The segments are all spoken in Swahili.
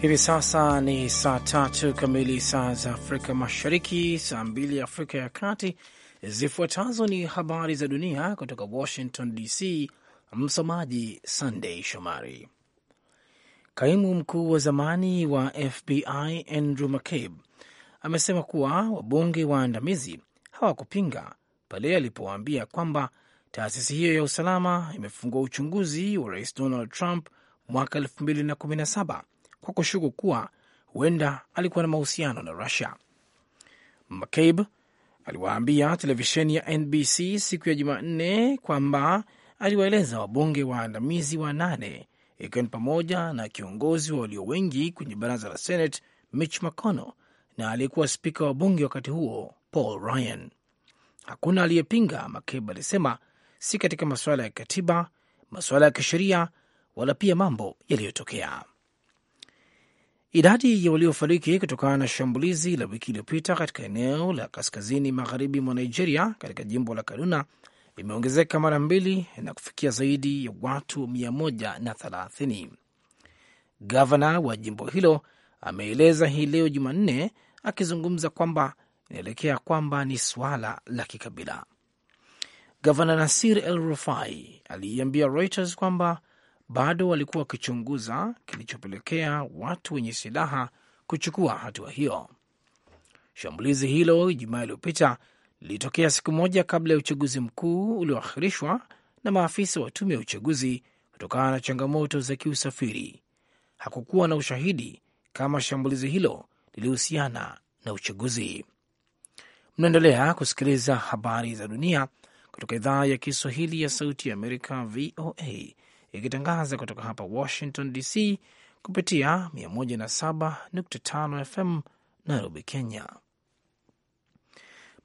Hivi sasa ni saa tatu kamili saa za Afrika Mashariki, saa mbili Afrika ya Kati. Zifuatazo ni habari za dunia kutoka Washington DC. Msomaji Sandei Shomari. Kaimu mkuu wa zamani wa FBI Andrew McCabe amesema kuwa wabunge waandamizi hawakupinga pale alipowaambia kwamba taasisi hiyo ya usalama imefungua uchunguzi wa rais Donald Trump mwaka 2017 kwa kushuku kuwa huenda alikuwa na mahusiano na Rusia. McCabe aliwaambia televisheni ya NBC siku ya Jumanne kwamba aliwaeleza wabunge waandamizi nane ikiwa ni pamoja na kiongozi wa walio wengi kwenye baraza la Senate Mitch McConnell na aliyekuwa spika wa bunge wakati huo Paul Ryan. Hakuna aliyepinga, McCabe alisema, si katika masuala ya katiba, masuala ya kisheria, wala pia mambo yaliyotokea Idadi ya waliofariki kutokana na shambulizi la wiki iliyopita katika eneo la kaskazini magharibi mwa Nigeria katika jimbo la Kaduna imeongezeka mara mbili na kufikia zaidi ya watu 130. Gavana wa jimbo hilo ameeleza hii leo Jumanne akizungumza kwamba inaelekea kwamba ni suala la kikabila. Gavana Nasir El Rufai aliiambia Reuters kwamba bado walikuwa wakichunguza kilichopelekea watu wenye silaha kuchukua hatua hiyo. Shambulizi hilo Ijumaa iliyopita lilitokea siku moja kabla ya uchaguzi mkuu ulioahirishwa na maafisa wa tume ya uchaguzi kutokana na changamoto za kiusafiri. Hakukuwa na ushahidi kama shambulizi hilo lilihusiana na uchaguzi. Mnaendelea kusikiliza habari za dunia kutoka idhaa ya Kiswahili ya Sauti ya Amerika, VOA, ikitangaza kutoka hapa Washington DC kupitia 107.5 FM Nairobi, Kenya.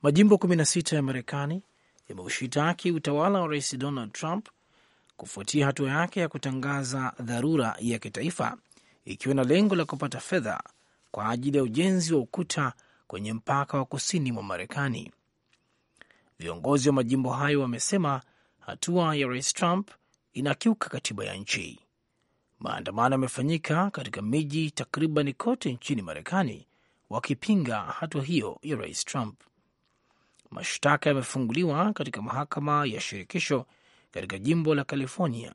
Majimbo 16 ya Marekani yameushitaki utawala wa Rais Donald Trump kufuatia hatua yake ya kutangaza dharura ya kitaifa ikiwa na lengo la kupata fedha kwa ajili ya ujenzi wa ukuta kwenye mpaka wa kusini mwa Marekani. Viongozi wa majimbo hayo wamesema hatua ya Rais Trump inakiuka katiba ya nchi. Maandamano yamefanyika katika miji takriban kote nchini Marekani wakipinga hatua hiyo ya rais Trump. Mashtaka yamefunguliwa katika mahakama ya shirikisho katika jimbo la California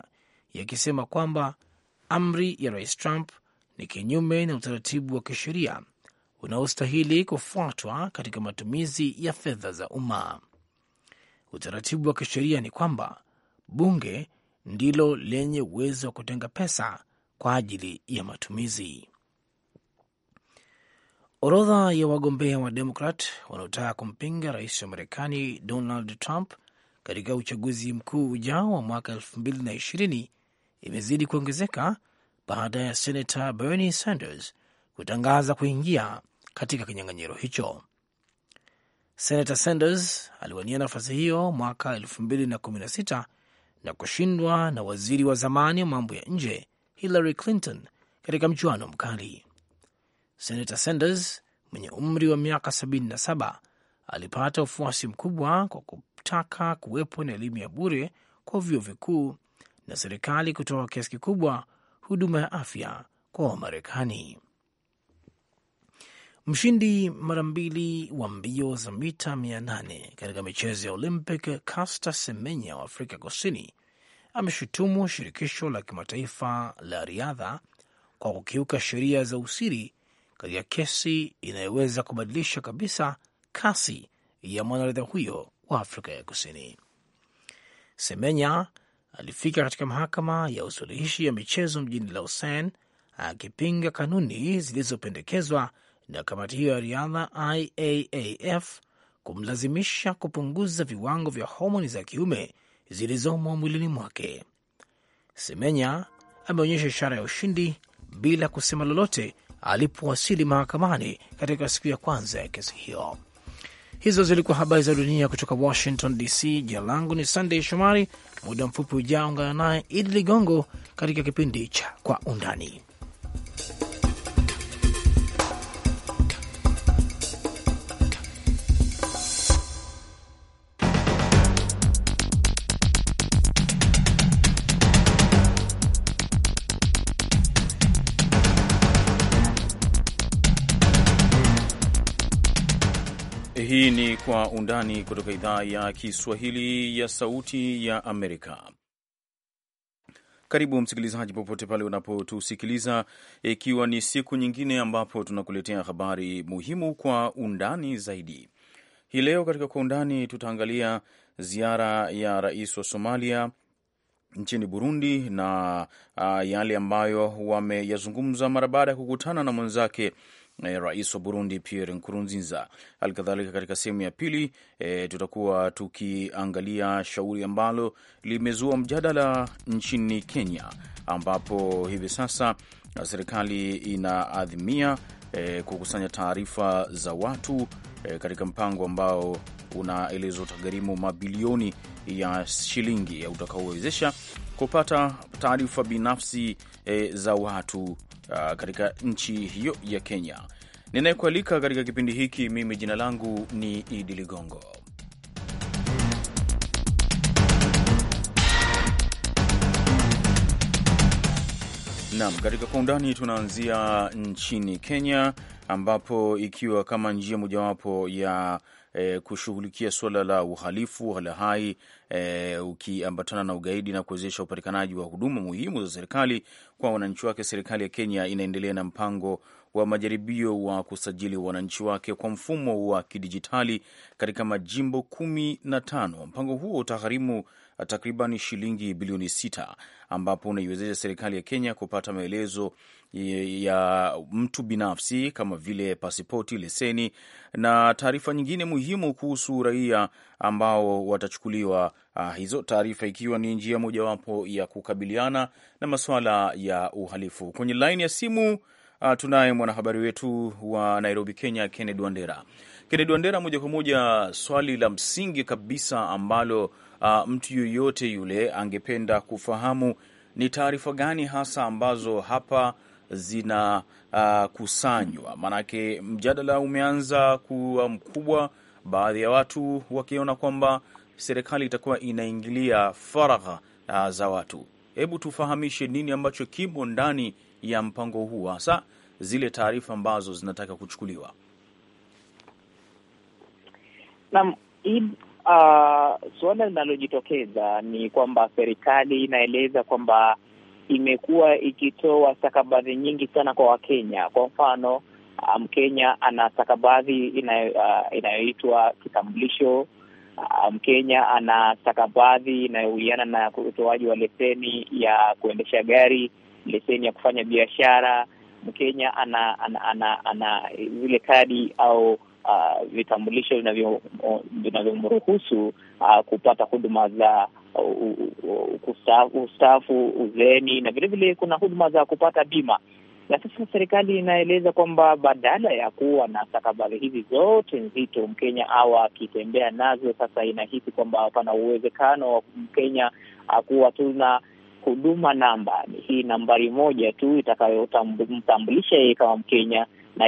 yakisema kwamba amri ya rais Trump ni kinyume na utaratibu wa kisheria unaostahili kufuatwa katika matumizi ya fedha za umma. Utaratibu wa kisheria ni kwamba bunge ndilo lenye uwezo wa kutenga pesa kwa ajili ya matumizi. Orodha ya wagombea wa Demokrat wanaotaka kumpinga rais wa Marekani Donald Trump katika uchaguzi mkuu ujao wa mwaka elfu mbili na ishirini imezidi kuongezeka baada ya senata Bernie Sanders kutangaza kuingia katika kinyang'anyiro hicho. Senata Sanders aliwania nafasi hiyo mwaka elfu mbili na kumi na sita na kushindwa na waziri wa zamani wa mambo ya nje Hillary Clinton katika mchuano mkali. Senator Sanders mwenye umri wa miaka 77 alipata ufuasi mkubwa kwa kutaka kuwepo na elimu ya bure kwa vyuo vikuu na serikali kutoa kiasi kikubwa huduma ya afya kwa Wamarekani. Mshindi mara mbili wa mbio za mita 800 katika michezo ya Olympic Caster Semenya wa Afrika Kusini ameshutumu shirikisho la kimataifa la riadha kwa kukiuka sheria za usiri katika kesi inayoweza kubadilisha kabisa kasi ya mwanariadha huyo wa Afrika ya Kusini. Semenya alifika katika mahakama ya usuluhishi ya michezo mjini Lausanne akipinga kanuni zilizopendekezwa na kamati hiyo ya riadha IAAF kumlazimisha kupunguza viwango vya homoni za kiume zilizomo mwilini mwake. Semenya ameonyesha ishara ya ushindi bila kusema lolote alipowasili mahakamani katika siku ya kwanza ya kesi hiyo. Hizo zilikuwa habari za dunia kutoka Washington DC. Jina langu ni Sandey Shomari. Muda mfupi ujao ungana naye Idi Ligongo katika kipindi cha Kwa Undani. Hii ni Kwa Undani kutoka idhaa ya Kiswahili ya Sauti ya Amerika. Karibu msikilizaji, popote pale unapotusikiliza, ikiwa ni siku nyingine ambapo tunakuletea habari muhimu kwa undani zaidi. Hii leo katika Kwa Undani tutaangalia ziara ya rais wa Somalia nchini Burundi na uh, yale ambayo wameyazungumza mara baada ya kukutana na mwenzake eh, rais wa Burundi Pierre Nkurunziza. Halikadhalika, katika sehemu ya pili eh, tutakuwa tukiangalia shauri ambalo limezua mjadala nchini Kenya ambapo hivi sasa ah, serikali inaadhimia e, kukusanya taarifa za watu e, katika mpango ambao unaelezwa utagharimu mabilioni ya shilingi utakaowezesha kupata taarifa binafsi e, za watu a, katika nchi hiyo ya Kenya. Ninayekualika katika kipindi hiki mimi jina langu ni Idi Ligongo. Naam, katika kwa undani tunaanzia nchini Kenya ambapo ikiwa kama njia mojawapo ya e, kushughulikia suala la uhalifu halahai e, eh, ukiambatana na ugaidi na kuwezesha upatikanaji wa huduma muhimu za serikali kwa wananchi wake, serikali ya Kenya inaendelea na mpango wa majaribio wa kusajili wananchi wake kwa mfumo wa kidijitali katika majimbo kumi na tano. Mpango huo utagharimu takriban shilingi bilioni sita, ambapo unaiwezesha serikali ya Kenya kupata maelezo ya mtu binafsi kama vile pasipoti, leseni na taarifa nyingine muhimu kuhusu raia ambao watachukuliwa uh, hizo taarifa, ikiwa ni njia mojawapo ya kukabiliana na masuala ya uhalifu. Kwenye laini ya simu uh, tunaye mwanahabari wetu wa Nairobi, Kenya, Kennedy Wandera. Kennedy Wandera, moja kwa moja, swali la msingi kabisa ambalo uh, mtu yoyote yule angependa kufahamu ni taarifa gani hasa ambazo hapa zinakusanywa. Ah, uh, maanake mjadala umeanza kuwa mkubwa, baadhi ya watu wakiona kwamba serikali itakuwa inaingilia faragha uh, za watu. Hebu tufahamishe nini ambacho kimo ndani ya mpango huu, hasa zile taarifa ambazo zinataka kuchukuliwa. Naam, Uh, suala linalojitokeza ni kwamba serikali inaeleza kwamba imekuwa ikitoa stakabadhi nyingi sana kwa Wakenya. Kwa mfano, um, Mkenya um, ana stakabadhi ah, inayoitwa uh, kitambulisho. Um, Mkenya um, ana stakabadhi inayohusiana na utoaji wa leseni ya kuendesha gari, leseni ya kufanya biashara. Mkenya ana ana, ana, ana, ana zile kadi au uh, vitambulisho vinavyomruhusu uh, kupata huduma za ustaafu, uzeni na vilevile kuna huduma za kupata bima. Na sasa serikali inaeleza kwamba badala ya kuwa na stakabadhi hizi zote nzito Mkenya au akitembea nazo, sasa inahisi kwamba pana uwezekano wa Mkenya akuwa uh, tu na huduma namba hii nambari moja tu itakayomtambulisha yeye kama Mkenya na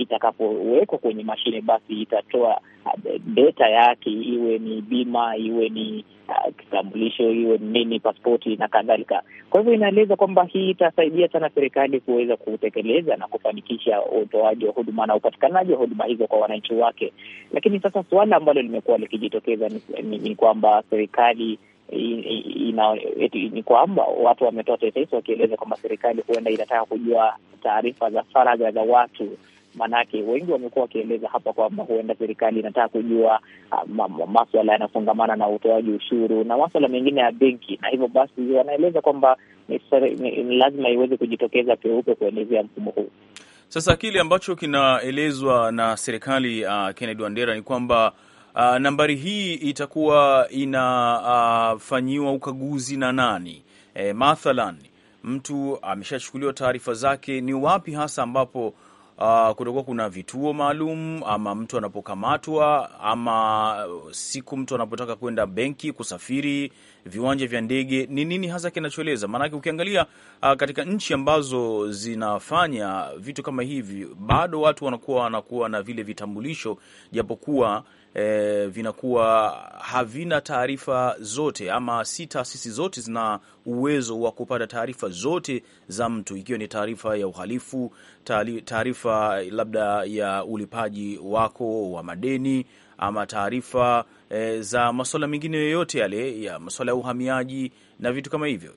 itakapowekwa kwenye mashine basi itatoa uh, data yake, iwe ni bima, iwe ni uh, kitambulisho, iwe ni nini, paspoti na kadhalika. Kwa hivyo inaeleza kwamba hii itasaidia sana serikali kuweza kutekeleza na kufanikisha utoaji wa huduma na upatikanaji wa huduma hizo kwa wananchi wake. Lakini sasa suala ambalo limekuwa likijitokeza ni, ni, ni kwamba serikali ina, ni kwamba watu wametoa tetesi wakieleza kwamba serikali huenda inataka kujua taarifa za faragha za watu. Maanake wengi wamekuwa wakieleza hapa kwamba huenda serikali inataka kujua uh, maswala yanafungamana na utoaji ushuru na maswala mengine ya benki, na hivyo basi wanaeleza kwamba ni, lazima iweze kujitokeza peupe kuelezea mfumo huu. Sasa kile ambacho kinaelezwa na serikali uh, Kennedy Wandera ni kwamba uh, nambari hii itakuwa inafanyiwa uh, ukaguzi na nani? E, mathalan mtu ameshachukuliwa taarifa zake, ni wapi hasa ambapo Uh, kutakuwa kuna vituo maalum ama mtu anapokamatwa ama siku mtu anapotaka kwenda benki, kusafiri, viwanja vya ndege, ni nini hasa kinachoeleza? Maanake ukiangalia uh, katika nchi ambazo zinafanya vitu kama hivi, bado watu wanakuwa wanakuwa na vile vitambulisho, japokuwa e, vinakuwa havina taarifa zote, ama si taasisi zote zina uwezo wa kupata taarifa zote za mtu, ikiwa ni taarifa ya uhalifu, taarifa labda ya ulipaji wako wa madeni ama taarifa e, za masuala mengine yoyote yale ya masuala ya uhamiaji na vitu kama hivyo.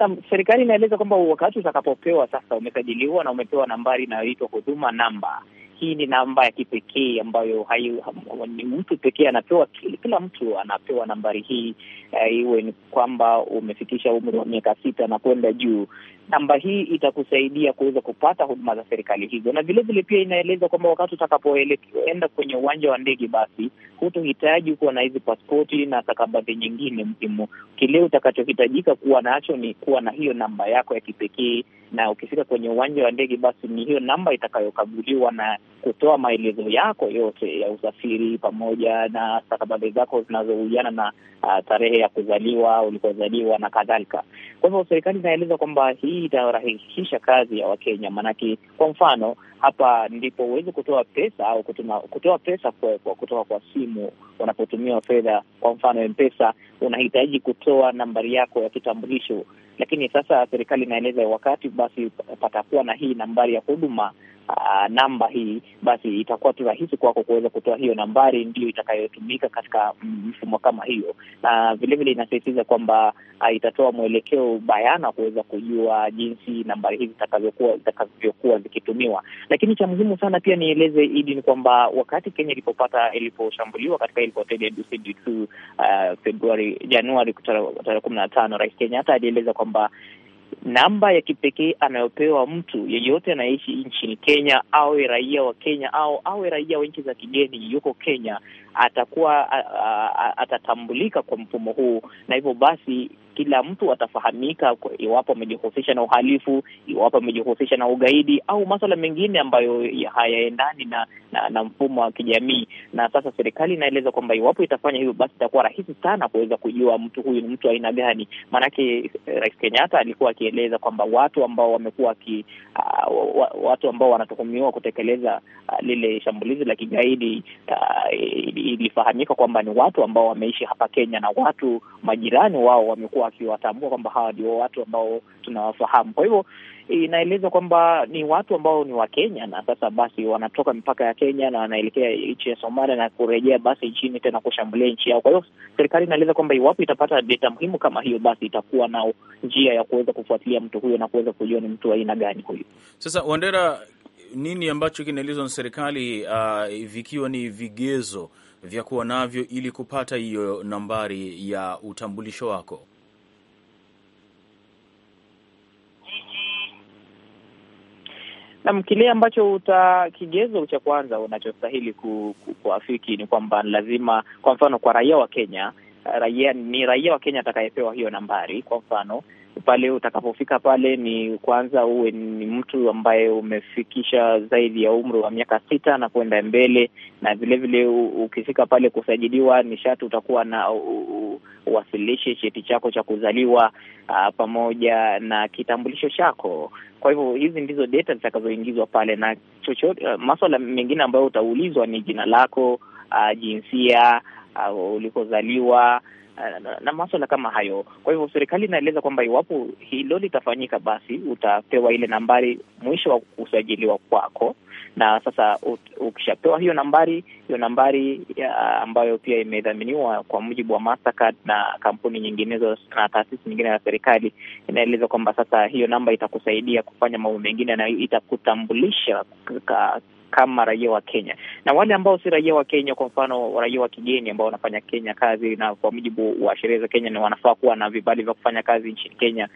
Na serikali inaeleza kwamba wakati utakapopewa sasa, umesajiliwa na umepewa nambari inayoitwa huduma namba hii ni namba ya kipekee ambayo hayu, ni mtu pekee anapewa, kila mtu anapewa nambari hii, eh, iwe ni kwamba umefikisha umri wa miaka sita na kwenda juu namba hii itakusaidia kuweza kupata huduma za serikali hizo, na vilevile pia inaeleza kwamba wakati utakapoenda kwenye uwanja wa ndege, basi hutohitaji kuwa na hizi paspoti na stakabadhi nyingine muhimu. Kile utakachohitajika kuwa nacho ni kuwa na hiyo namba yako ya kipekee, na ukifika kwenye uwanja wa ndege, basi ni hiyo namba itakayokaguliwa na kutoa maelezo yako yote ya usafiri pamoja na stakabadhi zako zinazohusiana na uh, tarehe ya kuzaliwa, ulikozaliwa na kadhalika. Kwa hivyo serikali inaeleza kwamba hii hii itarahisisha kazi ya Wakenya, maanake kwa mfano hapa ndipo huwezi kutoa pesa au kutuma, kutoa pesa kwa, kwa kutoka kwa simu unapotumiwa fedha. Kwa mfano mpesa unahitaji kutoa nambari yako ya kitambulisho, lakini sasa serikali inaeleza wakati basi patakuwa na hii nambari ya huduma uh, namba hii, basi itakuwa tu rahisi kwako kuweza kutoa hiyo nambari, ndio itakayotumika katika mm, mfumo kama hiyo. Na vilevile inasisitiza kwamba uh, itatoa mwelekeo bayana kuweza kujua jinsi nambari hizi zitakavyokuwa zitakavyokuwa zikitumiwa. Lakini cha muhimu sana pia nieleze Idi ni kwamba wakati Kenya ilipopata iliposhambuliwa katika ile hoteli ya Dusit uh, Februari Januari tarehe kumi na tano, Rais Kenyatta alieleza kwamba namba ya kipekee anayopewa mtu yeyote anayeishi nchini Kenya, awe raia wa Kenya au awe raia wa nchi za kigeni, yuko Kenya, atakuwa atatambulika kwa mfumo huu, na hivyo basi kila mtu atafahamika iwapo amejihusisha na uhalifu, iwapo amejihusisha na ugaidi au maswala mengine ambayo hayaendani na, na, na mfumo wa kijamii. Na sasa serikali inaeleza kwamba iwapo itafanya hivyo, basi itakuwa rahisi sana kuweza kujua mtu huyu ni mtu aina gani. Maanake eh, Rais Kenyatta alikuwa akieleza kwamba watu ambao wamekuwa ki, uh, watu ambao wanatuhumiwa kutekeleza uh, lile shambulizi la kigaidi uh, ilifahamika kwamba ni watu ambao wameishi hapa Kenya na watu majirani wao wamekuwa wakiwatambua kwamba hawa ndio watu ambao tunawafahamu. Kwa hivyo inaeleza kwamba ni watu ambao ni wa Kenya na sasa basi wanatoka mipaka ya Kenya na wanaelekea nchi ya Somalia na kurejea basi nchini tena kushambulia nchi yao. Kwa hiyo serikali inaeleza kwamba iwapo itapata data muhimu kama hiyo, basi itakuwa na njia ya kuweza kufuatilia mtu huyo na kuweza kujua ni mtu wa aina gani huyu. Sasa Wandera, nini ambacho kinaelezwa na serikali uh, vikiwa ni vigezo vya kuwa navyo ili kupata hiyo nambari ya utambulisho wako? Nam, kile ambacho uta kigezo cha kwanza unachostahili ku, kuafiki ni kwamba lazima, kwa mfano, kwa raia wa Kenya raia, ni raia wa Kenya atakayepewa hiyo nambari. Kwa mfano, pale utakapofika pale ni kwanza uwe ni mtu ambaye umefikisha zaidi ya umri wa miaka sita na kwenda mbele, na vilevile vile ukifika pale kusajiliwa nishati utakuwa na uwasilishe cheti chako cha kuzaliwa a, pamoja na kitambulisho chako. Kwa hivyo hizi ndizo data zitakazoingizwa pale, na chochote maswala mengine ambayo utaulizwa ni jina lako, a, jinsia, ulikozaliwa Eh, na, maswala kama hayo. Kwa hivyo serikali inaeleza kwamba iwapo hilo litafanyika, basi utapewa ile nambari mwisho wa kusajiliwa kwako, na sasa ukishapewa hiyo nambari, hiyo nambari ya, ambayo pia imedhaminiwa kwa mujibu wa Mastercard na kampuni nyinginezo na taasisi nyingine za serikali, inaeleza kwamba sasa hiyo namba itakusaidia kufanya mambo mengine na itakutambulisha kama raia wa Kenya, na wale ambao si raia wa Kenya, kwa mfano raia wa kigeni ambao wanafanya Kenya kazi na kwa mujibu wa sheria za Kenya, ni wanafaa kuwa na vibali vya kufanya kazi nchini Kenya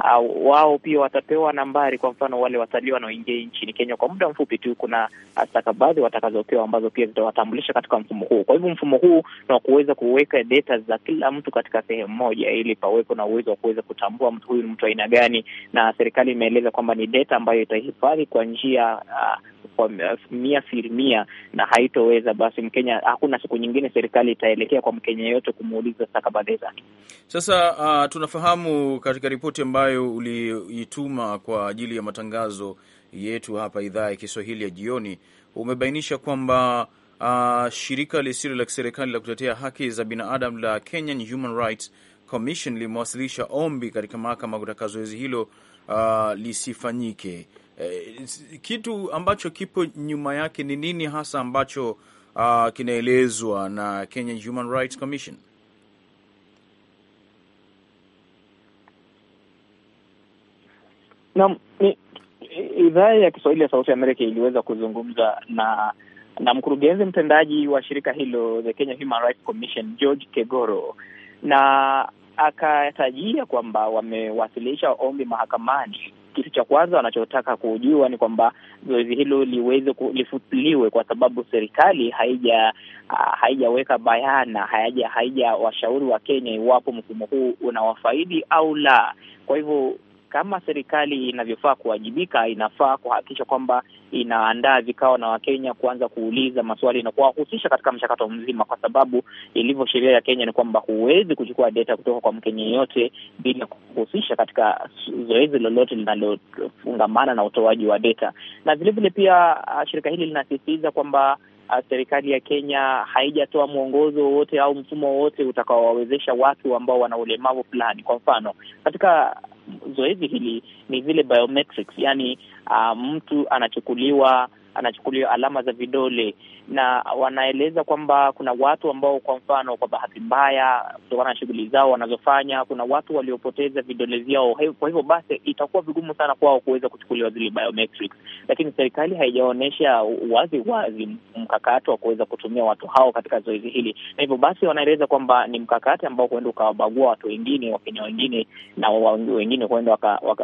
uh, wao pia watapewa nambari. Kwa mfano wale watalii wanaoingia nchini Kenya kwa muda mfupi tu, kuna stakabadhi watakazopewa ambazo pia zitawatambulisha katika mfumo huu. Kwa hivyo mfumo huu ni wa kuweza kuweka data za kila mtu katika sehemu moja, ili pawepo na uwezo wa kuweza kutambua mtu huyu ni mtu aina gani, na serikali imeeleza kwamba ni data ambayo itahifadhi kwa njia uh, kwa mia asilimia na haitoweza basi Mkenya, hakuna siku nyingine serikali itaelekea kwa Mkenya yote kumuuliza stakabadhi zake. Sasa uh, tunafahamu katika ripoti ambayo ambayo uliituma kwa ajili ya matangazo yetu hapa idhaa ya Kiswahili ya jioni umebainisha kwamba uh, shirika lisilo la kiserikali la kutetea haki za binadamu la Kenyan Human Rights Commission limewasilisha ombi katika mahakama kutaka zoezi hilo uh, lisifanyike. Eh, kitu ambacho kipo nyuma yake ni nini hasa ambacho uh, kinaelezwa na Kenyan Human Rights Commission? Naam, idhaa ya Kiswahili ya Sauti ya Amerika iliweza kuzungumza na na mkurugenzi mtendaji wa shirika hilo the Kenya Human Rights Commission George Kegoro, na akatajia kwamba wamewasilisha ombi mahakamani. Kitu cha kwanza wanachotaka kujua ni kwamba zoezi hilo liweze lifutuliwe, kwa sababu serikali haija haijaweka bayana, haija washauri wa Kenya iwapo mfumo huu unawafaidi au la. Kwa hivyo kama serikali inavyofaa kuwajibika, inafaa kuhakikisha kwamba inaandaa vikao na Wakenya kuanza kuuliza maswali na kuwahusisha katika mchakato mzima, kwa sababu ilivyo sheria ya Kenya ni kwamba huwezi kuchukua data kutoka kwa Mkenya yeyote bila kuhusisha katika zoezi lolote linalofungamana na utoaji wa data. Na vilevile pia uh, shirika hili linasisitiza kwamba uh, serikali ya Kenya haijatoa mwongozo wowote au mfumo wowote utakaowawezesha watu ambao wana ulemavu fulani. Kwa mfano katika zoezi hili ni zile biometrics, yani uh, mtu anachukuliwa anachukuliwa alama za vidole na wanaeleza kwamba kuna watu ambao, kwa mfano, kwa bahati mbaya, kutokana na shughuli zao wanazofanya, kuna watu waliopoteza vidole vyao. Kwa hivyo basi, itakuwa vigumu sana kwao kuweza kuchukuliwa zile biometrics, lakini serikali haijaonyesha wazi wazi mkakati wa kuweza kutumia watu hao katika zoezi hili, na hivyo basi wanaeleza kwamba ni mkakati ambao huenda ukawabagua watu wengine, Wakenya wengine na wengine huenda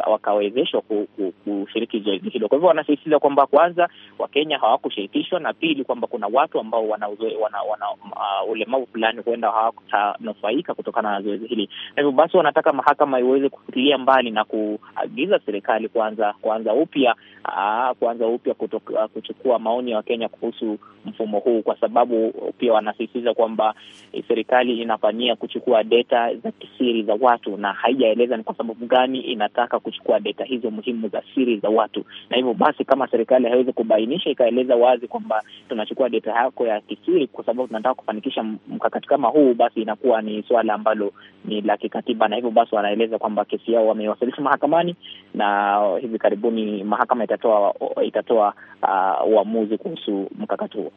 wakawezeshwa waka, waka kushiriki zoezi hilo. Kwa hivyo wanasisitiza kwamba kwanza, Wakenya hawakushirikishwa na pili kwamba kuna watu ambao wana, wana, wana uh, ulemavu fulani huenda hawatanufaika kutokana na zoezi hili. hivyo basi wanataka mahakama iweze kufutilia mbali na kuagiza serikali kuanza kuanza upya uh, kuanza upya uh, kuchukua maoni ya Wakenya kuhusu mfumo huu, kwa sababu pia wanasisitiza kwamba eh, serikali inafanyia kuchukua data za kisiri za watu na haijaeleza ni kwa sababu gani inataka kuchukua data hizo muhimu za siri za watu, na hivyo basi kama serikali haiwezi kubainisha ikaeleza wazi kwamba tunachukua kutoa data yako ya kisiri, kwa sababu tunataka kufanikisha mkakati kama huu, basi inakuwa ni suala ambalo ni la kikatiba, na hivyo basi wanaeleza kwamba kesi yao wamewasilisha mahakamani na hivi karibuni mahakama itatoa itatoa uamuzi uh, kuhusu mkakati huo.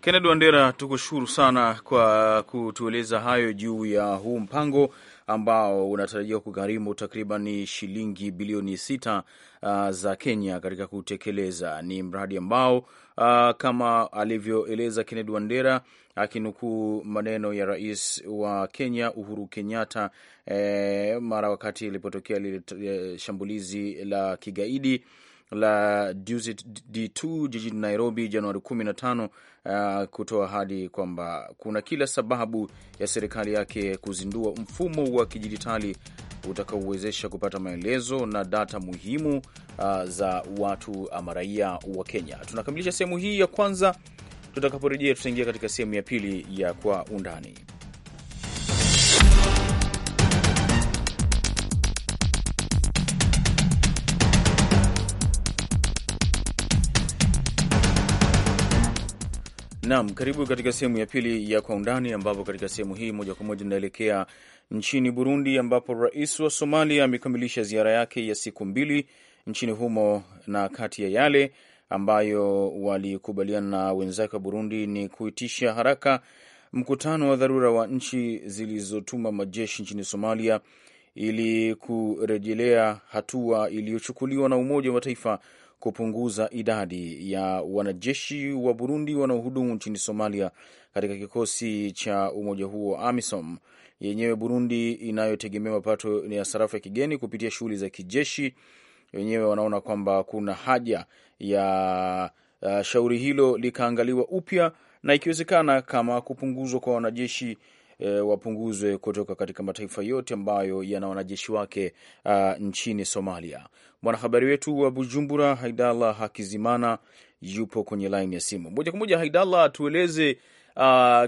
Kennedy Wandera, tukushukuru sana kwa kutueleza hayo juu ya huu mpango ambao unatarajiwa kugharimu takriban shilingi bilioni sita uh, za Kenya katika kutekeleza. Ni mradi ambao uh, kama alivyoeleza Kennedy Wandera akinukuu maneno ya rais wa Kenya Uhuru Kenyatta eh, mara wakati ilipotokea lile eh, shambulizi la kigaidi la D2 jijini Nairobi Januari 15 uh, kutoa ahadi kwamba kuna kila sababu ya serikali yake kuzindua mfumo wa kidijitali utakaowezesha kupata maelezo na data muhimu uh, za watu ama raia wa Kenya. Tunakamilisha sehemu hii ya kwanza. Tutakaporejea tutaingia katika sehemu ya pili ya kwa undani. Naam, karibu katika sehemu ya pili ya Kwa Undani, ambapo katika sehemu hii moja kwa moja inaelekea nchini Burundi, ambapo rais wa Somalia amekamilisha ziara yake ya siku mbili nchini humo, na kati ya yale ambayo walikubaliana na wenzake wa Burundi ni kuitisha haraka mkutano wa dharura wa nchi zilizotuma majeshi nchini Somalia ili kurejelea hatua iliyochukuliwa na Umoja wa Mataifa kupunguza idadi ya wanajeshi wa Burundi wanaohudumu nchini Somalia katika kikosi cha umoja huo AMISOM. Yenyewe Burundi inayotegemea mapato ya sarafu ya kigeni kupitia shughuli za kijeshi, wenyewe wanaona kwamba kuna haja ya uh, shauri hilo likaangaliwa upya na ikiwezekana kama kupunguzwa kwa wanajeshi e, wapunguzwe kutoka katika mataifa yote ambayo yana wanajeshi wake a, nchini Somalia. Mwanahabari wetu wa Bujumbura, Haidallah Hakizimana, yupo kwenye laini ya simu moja kwa moja. Haidallah, tueleze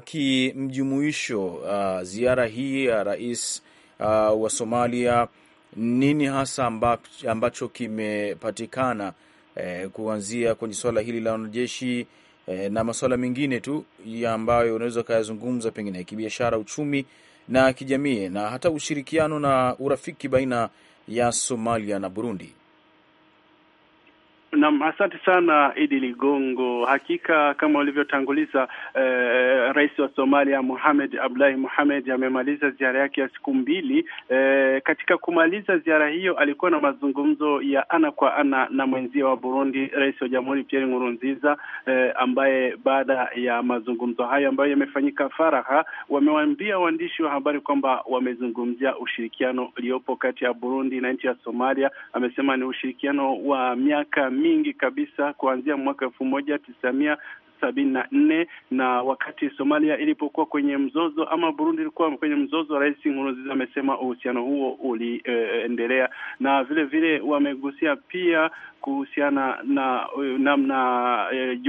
kimjumuisho ziara hii ya rais a, wa Somalia, nini hasa ambacho kimepatikana e, kuanzia kwenye suala hili la wanajeshi e, na masuala mengine tu ya ambayo unaweza ukayazungumza pengine ya kibiashara, uchumi na kijamii, na hata ushirikiano na urafiki baina ya Somalia na Burundi. Naam, asante sana Idi Ligongo. Hakika kama ulivyotanguliza eh, rais wa Somalia Mohamed Abdullahi Mohamed amemaliza ziara yake ya siku mbili. Eh, katika kumaliza ziara hiyo alikuwa na mazungumzo ya ana kwa ana na mwenzia wa Burundi, rais wa jamhuri Pierre Nkurunziza, eh, ambaye baada ya mazungumzo hayo ambayo yamefanyika faraha wamewaambia waandishi wa habari kwamba wamezungumzia ushirikiano uliopo kati ya Burundi na nchi ya Somalia. Amesema ni ushirikiano wa miaka mingi kabisa kuanzia mwaka elfu moja tisa mia sabini na nne na wakati Somalia ilipokuwa kwenye mzozo ama Burundi ilikuwa kwenye mzozo, Rais Nkurunziza amesema uhusiano huo uliendelea. Uh, na vile vile wamegusia pia kuhusiana na eh, namna e,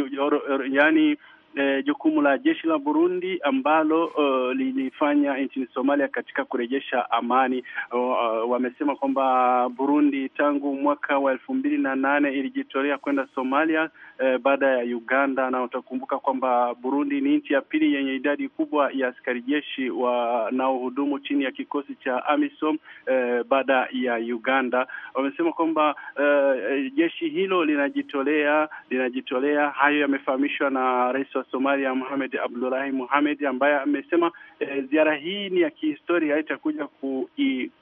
yani eh, jukumu la jeshi la Burundi ambalo uh, lilifanya nchini Somalia katika kurejesha amani uh, uh, wamesema kwamba Burundi tangu mwaka wa elfu mbili na nane ilijitolea kwenda Somalia eh, baada ya Uganda, na utakumbuka kwamba Burundi ni nchi ya pili yenye idadi kubwa ya askari jeshi wanaohudumu chini ya kikosi cha AMISOM eh, baada ya Uganda. Wamesema kwamba eh, jeshi hilo linajitolea linajitolea. Hayo yamefahamishwa na rais wa Somalia Mohamed Abdullahi Mohamed ambaye amesema e, ziara hii ni ya kihistoria, itakuja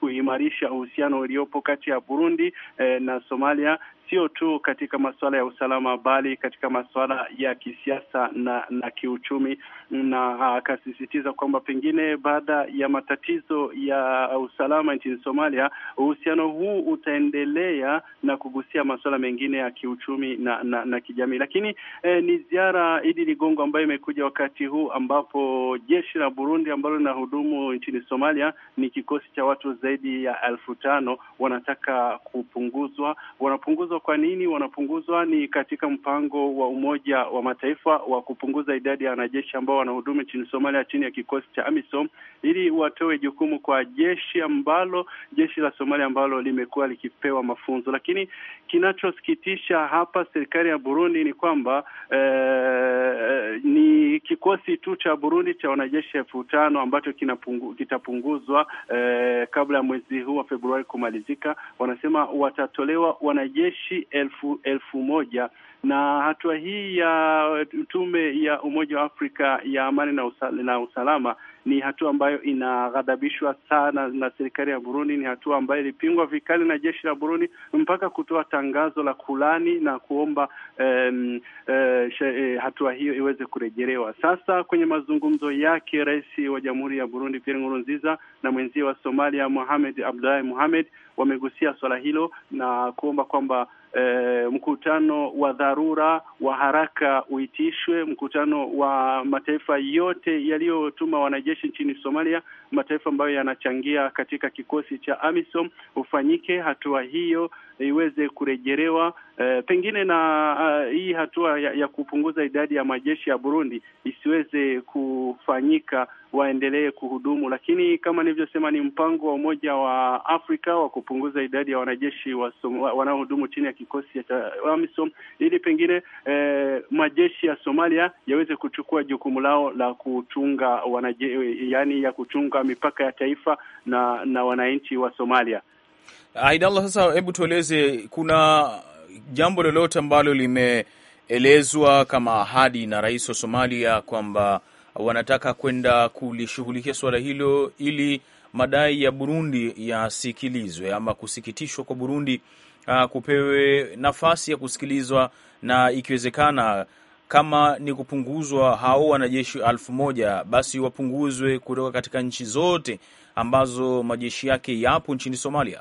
kuimarisha uhusiano uliopo kati ya Burundi e, na Somalia sio tu katika masuala ya usalama bali katika masuala ya kisiasa na na kiuchumi, na ah, akasisitiza kwamba pengine baada ya matatizo ya usalama nchini Somalia, uhusiano huu utaendelea na kugusia masuala mengine ya kiuchumi na na, na kijamii. Lakini eh, ni ziara Idi Ligongo Mungu ambayo imekuja wakati huu ambapo jeshi la Burundi ambalo linahudumu nchini Somalia ni kikosi cha watu zaidi ya elfu tano wanataka kupunguzwa. Wanapunguzwa kwa nini? Wanapunguzwa ni katika mpango wa Umoja wa Mataifa wa kupunguza idadi ya wanajeshi ambao wanahudumu nchini Somalia chini ya kikosi cha AMISOM ili watoe jukumu kwa jeshi ambalo jeshi la Somalia ambalo limekuwa likipewa mafunzo. Lakini kinachosikitisha hapa serikali ya Burundi ni kwamba eh, Eh, ni kikosi tu cha Burundi cha wanajeshi elfu tano ambacho kinapungu, kitapunguzwa eh, kabla ya mwezi huu wa Februari kumalizika. Wanasema watatolewa wanajeshi elfu, elfu moja na hatua hii ya tume ya Umoja wa Afrika ya amani na, usal, na usalama ni hatua ambayo inaghadhabishwa sana na serikali ya Burundi. Ni hatua ambayo ilipingwa vikali na jeshi la Burundi mpaka kutoa tangazo la kulani na kuomba um, uh, hatua hiyo iweze kurejelewa. Sasa kwenye mazungumzo yake, rais wa jamhuri ya Burundi Pierre Nkurunziza na mwenzie wa Somalia Mohamed Abdullahi Mohamed wamegusia swala hilo na kuomba kwamba e, mkutano wa dharura wa haraka uitishwe, mkutano wa mataifa yote yaliyotuma wanajeshi nchini Somalia, mataifa ambayo yanachangia katika kikosi cha AMISOM ufanyike, hatua hiyo iweze kurejelewa E, pengine na uh, hii hatua ya, ya kupunguza idadi ya majeshi ya Burundi isiweze kufanyika, waendelee kuhudumu, lakini kama nilivyosema, ni mpango wa Umoja wa Afrika wa kupunguza idadi ya wanajeshi wanaohudumu chini ya kikosi cha AMISOM ili pengine eh, majeshi ya Somalia yaweze kuchukua jukumu lao la kuchunga wanajeshi, yani ya kuchunga mipaka ya taifa na na wananchi wa Somalia. Aidallah, sasa hebu tueleze kuna jambo lolote ambalo limeelezwa kama ahadi na rais wa Somalia kwamba wanataka kwenda kulishughulikia suala hilo ili madai ya Burundi yasikilizwe ama kusikitishwa kwa Burundi uh, kupewe nafasi ya kusikilizwa na ikiwezekana kama ni kupunguzwa hao wanajeshi elfu moja basi wapunguzwe kutoka katika nchi zote ambazo majeshi yake yapo nchini Somalia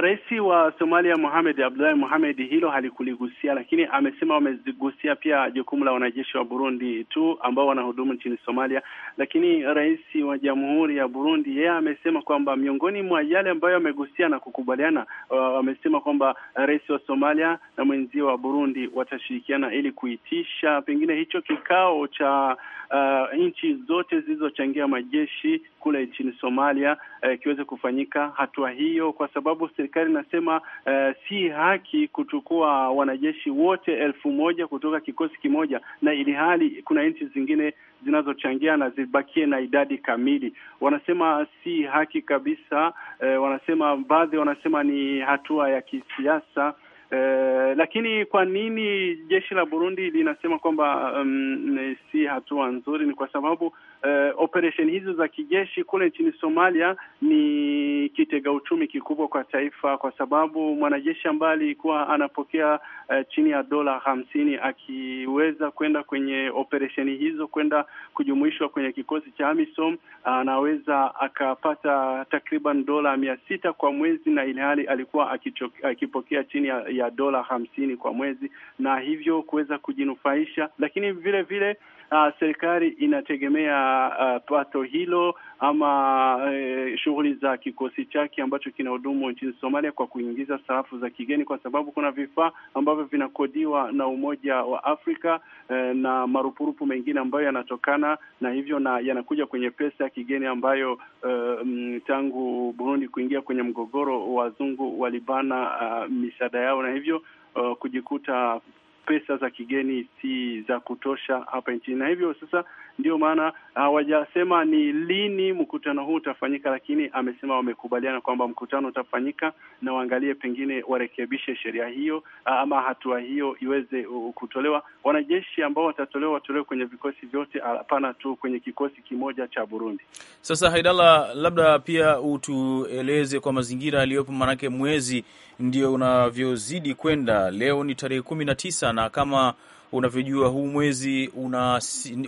rais wa Somalia Mohamed Abdullahi Mohamed hilo halikuligusia, lakini amesema wamezigusia pia jukumu la wanajeshi wa Burundi tu ambao wanahudumu nchini Somalia. Lakini rais wa jamhuri ya Burundi yeye amesema kwamba miongoni mwa yale ambayo amegusia na kukubaliana, wamesema uh, kwamba rais wa Somalia na mwenzie wa Burundi watashirikiana ili kuitisha pengine hicho kikao cha uh, nchi zote zilizochangia majeshi kule nchini Somalia uh, ikiweze uh, kufanyika hatua hiyo, kwa sababu serikali inasema uh, si haki kuchukua wanajeshi wote elfu moja kutoka kikosi kimoja, na ili hali kuna nchi zingine zinazochangia na zibakie na idadi kamili. Wanasema si haki kabisa. Uh, wanasema baadhi wanasema ni hatua ya kisiasa E, lakini kwa nini jeshi la Burundi linasema kwamba um, si hatua nzuri? Ni kwa sababu Uh, eh, operesheni hizo za kijeshi kule nchini Somalia ni kitega uchumi kikubwa kwa taifa, kwa sababu mwanajeshi ambaye alikuwa anapokea uh, chini ya dola hamsini akiweza kwenda kwenye operesheni hizo, kwenda kujumuishwa kwenye kikosi cha AMISOM anaweza uh, akapata takriban dola mia sita kwa mwezi, na ile hali alikuwa akichok, akipokea chini ya, ya dola hamsini kwa mwezi, na hivyo kuweza kujinufaisha, lakini vile vile uh, serikali inategemea uh, pato hilo ama uh, shughuli za kikosi chake ambacho kinahudumu nchini Somalia kwa kuingiza sarafu za kigeni, kwa sababu kuna vifaa ambavyo vinakodiwa na Umoja wa Afrika uh, na marupurupu mengine ambayo yanatokana na hivyo na yanakuja kwenye pesa ya kigeni ambayo uh, tangu Burundi kuingia kwenye mgogoro, wazungu walibana uh, misaada yao na hivyo uh, kujikuta pesa za kigeni si za kutosha hapa nchini, na hivyo sasa ndio maana ah, hawajasema ni lini mkutano huu utafanyika, lakini amesema wamekubaliana kwamba mkutano utafanyika na waangalie, pengine warekebishe sheria hiyo ah, ama hatua hiyo iweze kutolewa. Wanajeshi ambao watatolewa watolewe kwenye vikosi vyote, hapana tu kwenye kikosi kimoja cha Burundi. Sasa Haidala, labda pia utueleze kwa mazingira yaliyopo, maanake mwezi ndio unavyozidi kwenda, leo ni tarehe kumi na tisa na kama unavyojua huu mwezi una,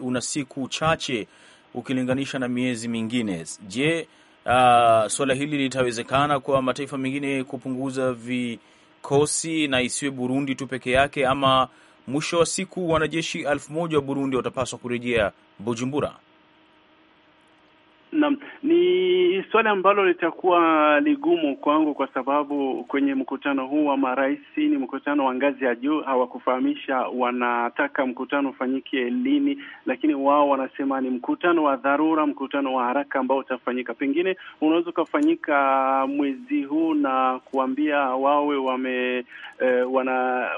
una siku chache ukilinganisha na miezi mingine. Je, uh, ah, suala hili litawezekana kwa mataifa mengine kupunguza vikosi na isiwe Burundi tu peke yake, ama mwisho wa siku wanajeshi elfu moja wa Burundi watapaswa kurejea Bujumbura? Naam, ni swali ambalo litakuwa ligumu kwangu kwa sababu kwenye mkutano huu wa marais, ni mkutano wa ngazi ya juu. Hawakufahamisha wanataka mkutano ufanyike lini, lakini wao wanasema ni mkutano wa dharura, mkutano wa haraka ambao utafanyika, pengine unaweza ukafanyika mwezi huu na kuambia wawe wame eh, wana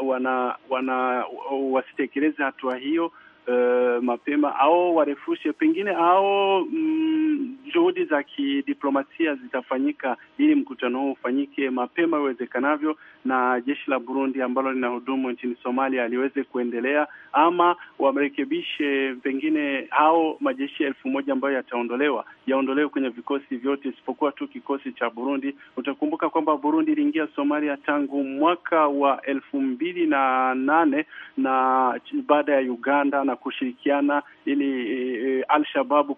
wana, wana wasitekeleze hatua hiyo Eh, mapema au warefushe pengine au mm, juhudi za kidiplomasia zitafanyika ili mkutano huu ufanyike mapema iwezekanavyo, na jeshi la Burundi ambalo linahudumu nchini Somalia aliweze kuendelea, ama warekebishe pengine hao majeshi elfu moja ambayo yataondolewa yaondolewe kwenye vikosi vyote isipokuwa tu kikosi cha Burundi. Utakumbuka kwamba Burundi iliingia Somalia tangu mwaka wa elfu mbili na nane na baada ya Uganda na kushirikiana ili e, e, al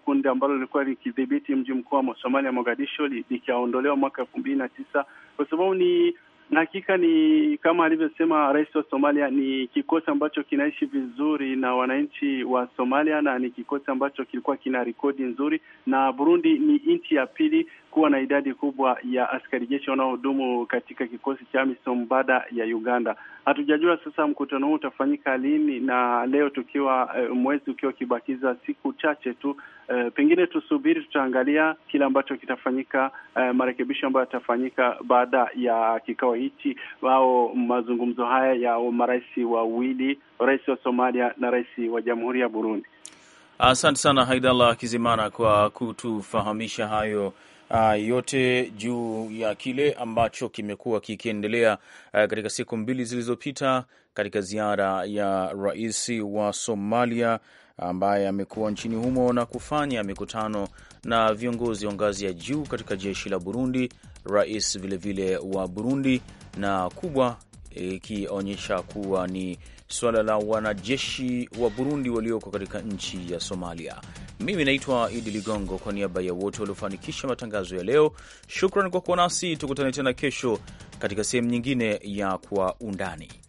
kundi ambalo lilikuwa likidhibiti mji mkuu wa Somalia Mogadisho likaondolewa mwaka elfu mbili na tisa kwa sababu ni na hakika ni kama alivyosema rais wa Somalia, ni kikosi ambacho kinaishi vizuri na wananchi wa Somalia na ni kikosi ambacho kilikuwa kina rekodi nzuri. Na Burundi ni nchi ya pili kuwa na idadi kubwa ya askari jeshi wanaohudumu katika kikosi cha AMISOM baada ya Uganda. Hatujajua sasa mkutano huu utafanyika lini, na leo tukiwa eh, mwezi ukiwa ukibakiza siku chache tu, e, pengine tusubiri, tutaangalia kile ambacho kitafanyika, e, marekebisho ambayo yatafanyika baada ya kikao hichi au mazungumzo haya ya marais wawili, rais wa Somalia na rais wa Jamhuri ya Burundi. Asante sana Haidala Kizimana kwa kutufahamisha hayo uh, yote juu ya kile ambacho kimekuwa kikiendelea uh, katika siku mbili zilizopita katika ziara ya rais wa Somalia ambaye amekuwa nchini humo na kufanya mikutano na viongozi wa ngazi ya juu katika jeshi la Burundi, rais vilevile vile wa Burundi, na kubwa ikionyesha kuwa ni suala la wanajeshi wa Burundi walioko katika nchi ya Somalia. Mimi naitwa Idi Ligongo, kwa niaba ya wote waliofanikisha matangazo ya leo, shukran kwa kuwa nasi. Tukutane tena kesho katika sehemu nyingine ya Kwa Undani.